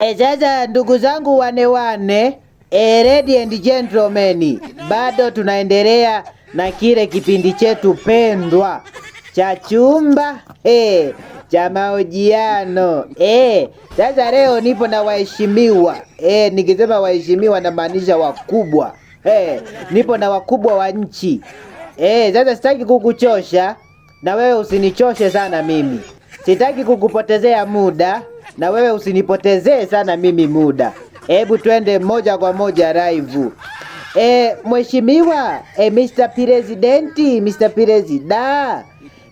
E, eh, sasa ndugu zangu wane wane, e, eh, ladies and gentlemen, bado tunaendelea na kile kipindi chetu pendwa cha chumba e, cha mahojiano e. Sasa leo nipo na waheshimiwa e, nikisema waheshimiwa namaanisha wakubwa e, nipo na wakubwa wa nchi e. Sasa sitaki kukuchosha na wewe usinichoshe sana mimi, sitaki kukupotezea muda na wewe usinipotezee sana mimi muda. Hebu twende moja kwa moja live. E, mheshimiwa e, Mr. Presidenti, Mr. Presida,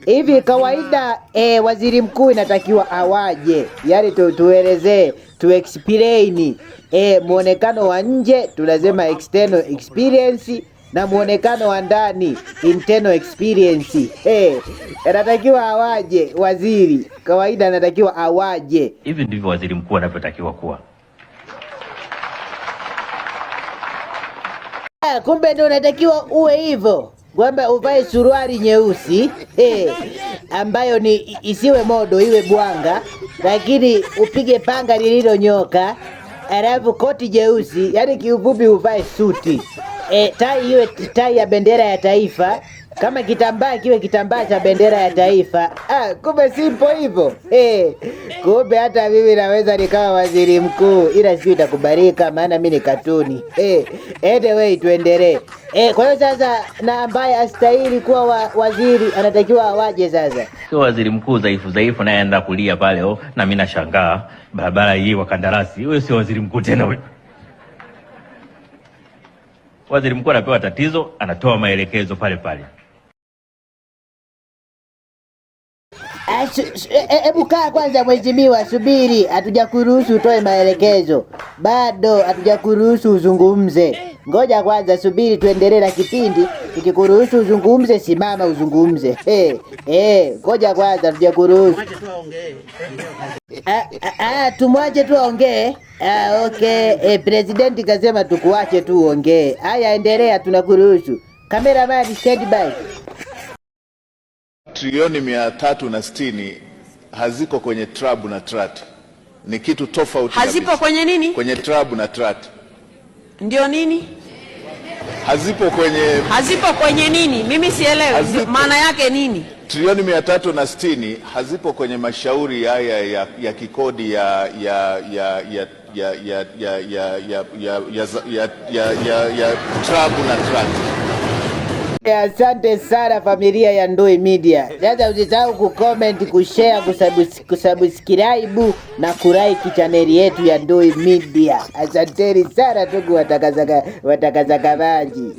hivi kawaida e, waziri mkuu inatakiwa awaje? Yaani tu, tuelezee tu explain e, mwonekano wa nje tunasema external experience na mwonekano wa ndani internal experience. Hey, eh, anatakiwa awaje waziri? Kawaida anatakiwa awaje? Hivi ndivyo waziri mkuu anavyotakiwa kuwa. Kumbe ndio unatakiwa uwe hivyo kwamba uvae suruali nyeusi hey, eh, ambayo ni isiwe modo iwe bwanga, lakini upige panga lililonyoka, alafu koti jeusi, yaani kiufupi uvae suti e, tai iwe tai ya bendera ya taifa, kama kitambaa kiwe kitambaa cha bendera ya taifa. Ah, kumbe simpo hivyo e, kumbe hata mimi naweza nikawa waziri mkuu, ila sio itakubalika, maana mi ni katuni eh, e, anyway tuendelee. E, kwa hiyo sasa, na ambaye astahili kuwa wa, waziri anatakiwa awaje sasa? Sio waziri mkuu dhaifu dhaifu, naye anaenda kulia pale oh, na mimi nashangaa barabara hii wa kandarasi huyo sio waziri mkuu tena huyo. Waziri mkuu anapewa tatizo, anatoa maelekezo pale pale. Eh, eh, eh, hebu kaa kwanza, mheshimiwa, subiri, hatujakuruhusu utoe maelekezo bado, hatujakuruhusu uzungumze. Ngoja kwanza, subiri tuendelee na kipindi. Nikikuruhusu uzungumze, simama uzungumze. Hey, hey, ngoja kwanza, tujakuruhusu. Ah, ah, ah, tumwache tu aongee. Okay, eh, presidenti kasema tukuache tu uongee. Haya, endelea, tunakuruhusu. Kameramani standby. Trilioni mia tatu na sitini haziko kwenye trabu na trati, ni kitu tofauti. Hazipo kwenye nini? Kwenye trabu na trati ndio nini? Hazipo kwenye, hazipo kwenye nini? Mimi sielewi maana yake nini. Trilioni mia tatu na sitini hazipo kwenye mashauri haya ya, ya kikodi ya ya na ya Asante sana familia ya Ndui Media. Sasa usisahau kucomment, kushare, kusubscribe na kuraiki chaneli yetu ya Ndui Media. Asanteni sana tuku watakazaga kabanji.